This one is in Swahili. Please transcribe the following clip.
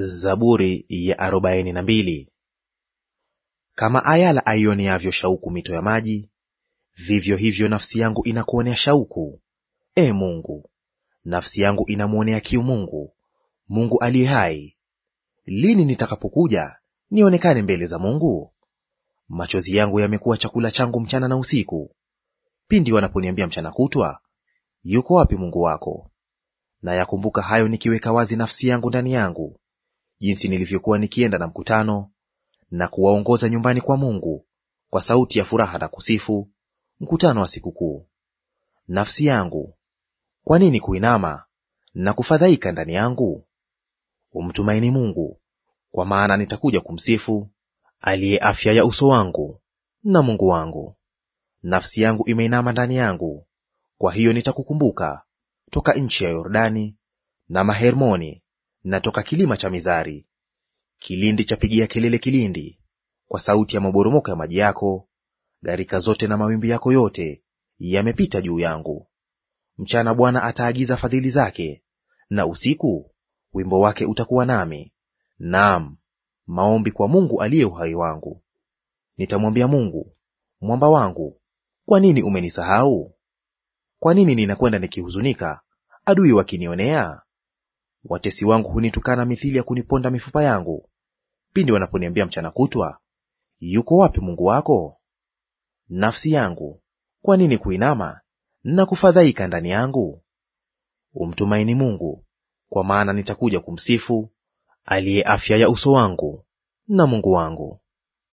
Zaburi ya arobaini na mbili. Kama ayala aioneavyo shauku mito ya maji, vivyo hivyo nafsi yangu inakuonea shauku, e Mungu. Nafsi yangu inamwonea kiu Mungu, Mungu aliye hai. Lini nitakapokuja nionekane mbele za Mungu? Machozi yangu yamekuwa chakula changu mchana na usiku, pindi wanaponiambia mchana kutwa, yuko wapi Mungu wako? Na yakumbuka hayo nikiweka wazi nafsi yangu ndani yangu jinsi nilivyokuwa nikienda na mkutano na kuwaongoza nyumbani kwa Mungu kwa sauti ya furaha na kusifu, mkutano wa sikukuu. Nafsi yangu, kwa nini kuinama na kufadhaika ndani yangu? Umtumaini Mungu, kwa maana nitakuja kumsifu, aliye afya ya uso wangu na Mungu wangu. Nafsi yangu imeinama ndani yangu, kwa hiyo nitakukumbuka toka nchi ya Yordani na Mahermoni natoka kilima cha Mizari. Kilindi chapigia kelele kilindi kwa sauti ya maboromoko ya maji yako, gharika zote na mawimbi yako yote yamepita juu yangu. Mchana Bwana ataagiza fadhili zake, na usiku wimbo wake utakuwa nami, naam, maombi kwa Mungu aliye uhai wangu. Nitamwambia Mungu, mwamba wangu, kwa nini umenisahau? Kwa nini ninakwenda nikihuzunika, adui wakinionea? Watesi wangu hunitukana mithili ya kuniponda mifupa yangu, pindi wanaponiambia mchana kutwa, yuko wapi Mungu wako? Nafsi yangu kwa nini kuinama na kufadhaika ndani yangu? Umtumaini Mungu, kwa maana nitakuja kumsifu, aliye afya ya uso wangu na Mungu wangu.